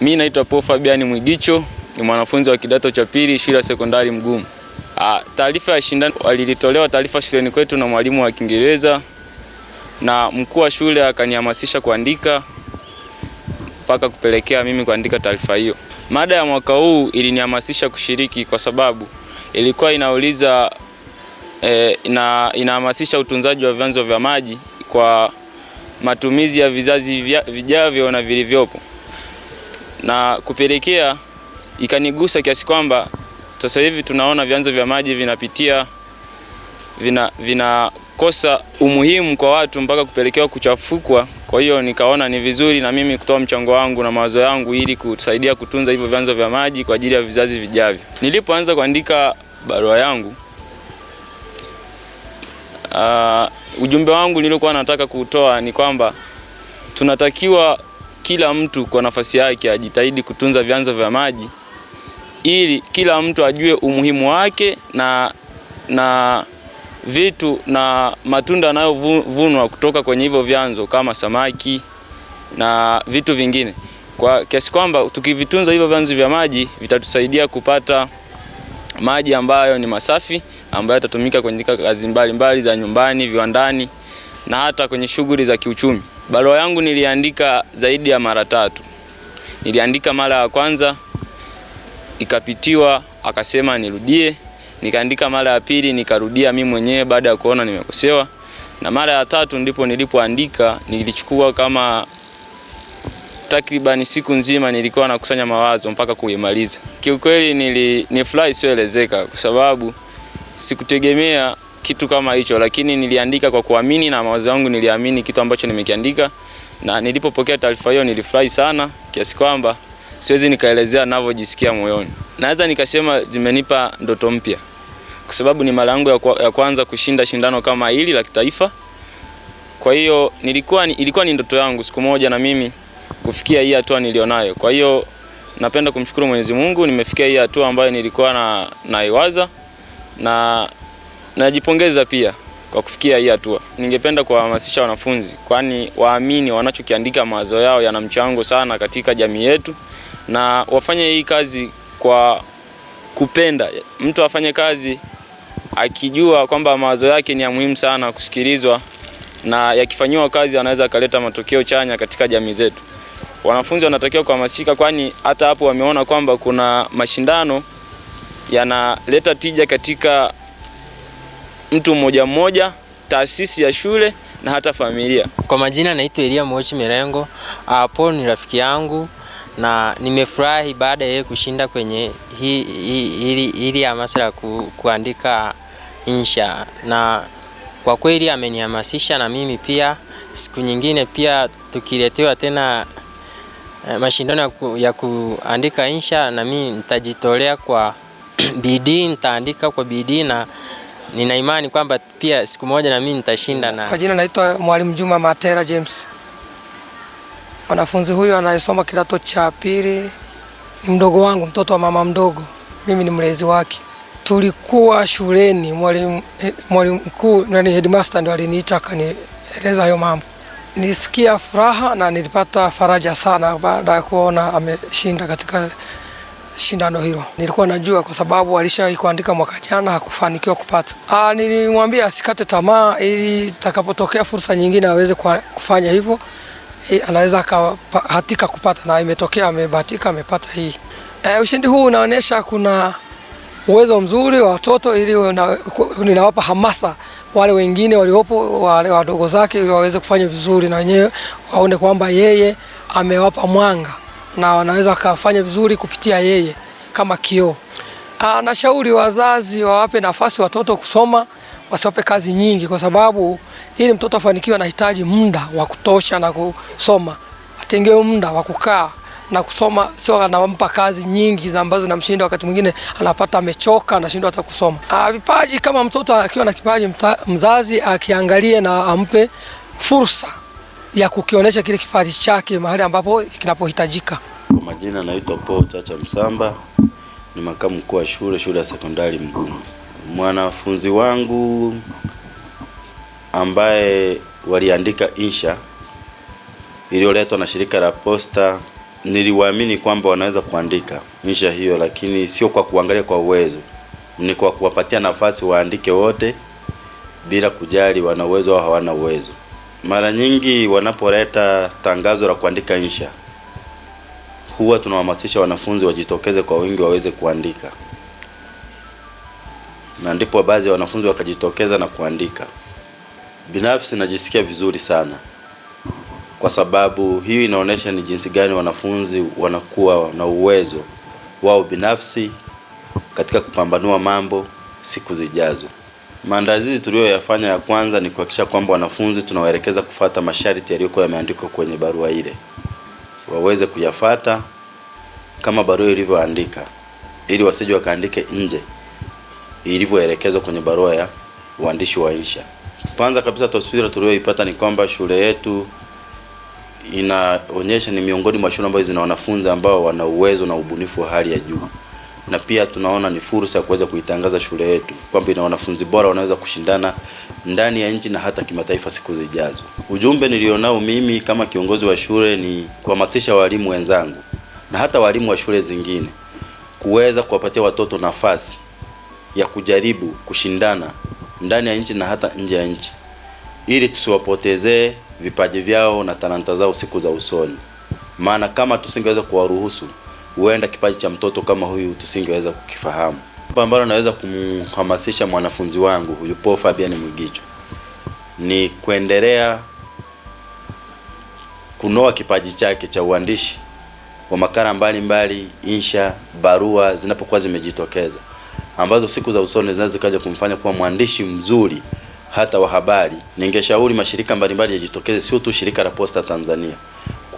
Mi naitwa Paul Fabiani Mwigicho, ni mwanafunzi wa kidato cha pili shule ya sekondari Mgumu. Ah, taarifa ya shindano walilitolewa taarifa shuleni kwetu na mwalimu wa Kiingereza na mkuu wa shule akanihamasisha kuandika mpaka kupelekea mimi kuandika taarifa hiyo. Mada ya mwaka huu ilinihamasisha kushiriki kwa sababu ilikuwa inauliza e, ina, inahamasisha utunzaji wa vyanzo vya maji kwa matumizi ya vizazi vijavyo na vilivyopo na kupelekea ikanigusa kiasi kwamba sasa hivi tunaona vyanzo vya maji vinapitia vina vinakosa umuhimu kwa watu mpaka kupelekewa kuchafukwa. Kwa hiyo nikaona ni vizuri na mimi kutoa mchango wangu na mawazo yangu ili kusaidia kutunza hivyo vyanzo vya maji kwa ajili ya vizazi vijavyo. Nilipoanza kuandika barua yangu, uh, ujumbe wangu niliokuwa nataka kutoa ni kwamba tunatakiwa kila mtu kwa nafasi yake ajitahidi kutunza vyanzo vya maji ili kila mtu ajue umuhimu wake na, na vitu na matunda yanayovunwa kutoka kwenye hivyo vyanzo kama samaki na vitu vingine, kwa kiasi kwamba tukivitunza hivyo vyanzo vya maji vitatusaidia kupata maji ambayo ni masafi ambayo yatatumika kwenye kazi mbalimbali za nyumbani, viwandani na hata kwenye shughuli za kiuchumi. Barua yangu niliandika zaidi ya mara tatu. Niliandika mara ya kwanza ikapitiwa, akasema nirudie, nikaandika mara ya pili, nikarudia mimi mwenyewe baada ya kuona nimekosewa, na mara ya tatu ndipo nilipoandika. Nilichukua kama takriban siku nzima, nilikuwa nakusanya mawazo mpaka kuimaliza. Kiukweli ni nifurahi isiyoelezeka, kwa sababu sikutegemea kitu kama hicho, lakini niliandika kwa kuamini na mawazo yangu, niliamini kitu ambacho nimekiandika, na nilipopokea taarifa hiyo nilifurahi sana kiasi kwamba siwezi nikaelezea ninavyojisikia moyoni. Naweza nikasema zimenipa ndoto mpya, kwa sababu ni mara yangu ya kwanza kushinda shindano kama hili la kitaifa. Kwa hiyo nilikuwa, ni, ilikuwa ni ndoto yangu siku moja na mimi kufikia hii hatua nilionayo. Kwa hiyo napenda kumshukuru Mwenyezi Mungu, nimefikia hii hatua ambayo nilikuwa na naiwaza na Najipongeza pia kwa kufikia hii hatua. Ningependa kuwahamasisha wanafunzi, kwani waamini wanachokiandika, mawazo yao yana mchango sana katika jamii yetu, na wafanye hii kazi kwa kupenda. Mtu afanye kazi akijua kwamba mawazo yake ni ya muhimu sana kusikilizwa, na yakifanyiwa kazi anaweza akaleta matokeo chanya katika jamii zetu. Wanafunzi wanatakiwa kuhamasika, kwani hata hapo wameona kwamba kuna mashindano yanaleta tija katika mtu mmoja mmoja, taasisi ya shule na hata familia. Kwa majina naitwa Elia Mochi Mirengo. Paul ni rafiki yangu na nimefurahi baada ya yeye kushinda kwenye hili hamasa la ku, kuandika insha, na kwa kweli amenihamasisha na mimi pia, siku nyingine pia tukiletewa tena eh, mashindano ya, ku, ya kuandika insha, na mimi nitajitolea kwa bidii, nitaandika kwa bidii na nina imani kwamba pia siku moja na mimi nitashinda. Na kwa jina naitwa Mwalimu Juma Matera James. Mwanafunzi huyu anayesoma kidato cha pili ni mdogo wangu, mtoto wa mama mdogo, mimi ni mlezi wake. Tulikuwa shuleni, mwalimu mwalimu mkuu na ni headmaster ndo aliniita akanieleza hayo mambo. nisikia furaha na nilipata faraja sana baada ya kuona ameshinda katika shindano hilo. Nilikuwa najua kwa sababu alishawahi kuandika mwaka jana hakufanikiwa kupata. Ah, nilimwambia asikate tamaa ili takapotokea fursa nyingine aweze kufanya hivyo. E, anaweza akahatika kupata na imetokea amebahatika amepata hii. E, ushindi huu unaonyesha kuna uwezo mzuri wa watoto ili ninawapa hamasa wale wengine waliopo wale wadogo zake ili waweze kufanya vizuri na wenyewe waone kwamba yeye amewapa mwanga na wanaweza wakafanya vizuri kupitia yeye kama kioo. Ah, nashauri wazazi wawape nafasi watoto kusoma, wasiwape kazi nyingi, kwa sababu ili mtoto afanikiwe anahitaji muda wa kutosha na kusoma, atengewe muda wa kukaa na kusoma, sio anampa kazi nyingi ambazo namshinda. Wakati mwingine anapata amechoka, anashindwa hata kusoma. Ah, vipaji kama mtoto akiwa na kipaji, mzazi akiangalie na ampe fursa ya kukionyesha kile kipaji chake mahali ambapo kinapohitajika. Kwa majina naitwa Paul Chacha Msamba, ni makamu mkuu wa shule shule ya sekondari Mgumu. Mwanafunzi wangu ambaye waliandika insha iliyoletwa na shirika la posta, niliwaamini kwamba wanaweza kuandika insha hiyo, lakini sio kwa kuangalia kwa uwezo, ni kwa kuwapatia nafasi waandike wote bila kujali wana uwezo au hawana uwezo. Mara nyingi wanapoleta tangazo la kuandika insha, huwa tunawahamasisha wanafunzi wajitokeze kwa wingi waweze kuandika, na ndipo baadhi ya wanafunzi wakajitokeza na kuandika. Binafsi najisikia vizuri sana, kwa sababu hiyo inaonyesha ni jinsi gani wanafunzi wanakuwa na uwezo wao binafsi katika kupambanua mambo siku zijazo. Maandalizi tuliyoyafanya ya kwanza ni kuhakikisha kwamba wanafunzi tunawaelekeza kufata masharti yaliyokuwa yameandikwa kwenye barua ile, waweze kuyafata kama barua ilivyoandika, ili wasije wakaandike nje ilivyoelekezwa kwenye barua ya uandishi wa insha. Kwanza kabisa, taswira tuliyoipata ni kwamba shule yetu inaonyesha ni miongoni mwa shule ambazo zina wanafunzi ambao wana uwezo na ubunifu wa hali ya juu na pia tunaona ni fursa ya kuweza kuitangaza shule yetu kwamba ina wanafunzi bora wanaweza kushindana ndani ya nchi na hata kimataifa siku zijazo. Ujumbe nilionao mimi kama kiongozi wa shule ni kuhamasisha walimu wenzangu na hata walimu wa shule zingine kuweza kuwapatia watoto nafasi ya kujaribu kushindana ndani ya nchi na hata nje ya nchi ili tusiwapotezee vipaji vyao na talanta zao siku za usoni, maana kama tusingeweza kuwaruhusu huenda kipaji cha mtoto kama huyu tusingeweza kukifahamu. Ambalo naweza kumhamasisha mwanafunzi wangu huyu Paul Fabian Mwigicho ni kuendelea kunoa kipaji chake cha uandishi wa makala mbalimbali, insha, barua zinapokuwa zimejitokeza, ambazo siku za usoni zinaweza zikaja kumfanya kuwa mwandishi mzuri hata wa habari. Ningeshauri mashirika mbalimbali yajitokeze, sio tu shirika la Posta Tanzania,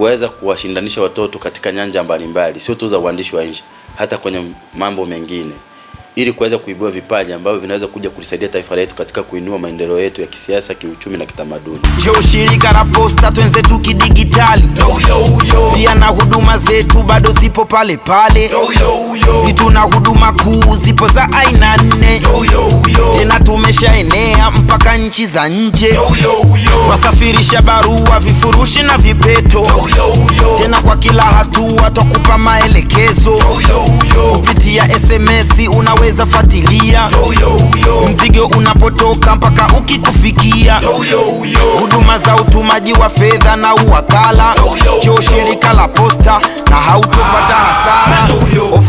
kuweza kuwashindanisha watoto katika nyanja mbalimbali, sio tu za uandishi wa nje, hata kwenye mambo mengine ili kuweza kuibua vipaji ambavyo vinaweza kuja kulisaidia taifa letu katika kuinua maendeleo yetu ya kisiasa, kiuchumi na kitamaduni. Njoo shirika la Posta, twenzetu kidigitali, pia na huduma zetu bado zipo pale pale, zitu na huduma kuu zipo za aina nne, tena tumeshaenea mpaka nchi za nje, twasafirisha barua, vifurushi na vipeto, yo, yo, yo. Tena kwa kila hatua twakupa maelekezo kupitia SMS unaweza fatilia Mzigo unapotoka mpaka ukikufikia huduma za utumaji wa fedha na uwakala cho shirika la posta na hautopata hasara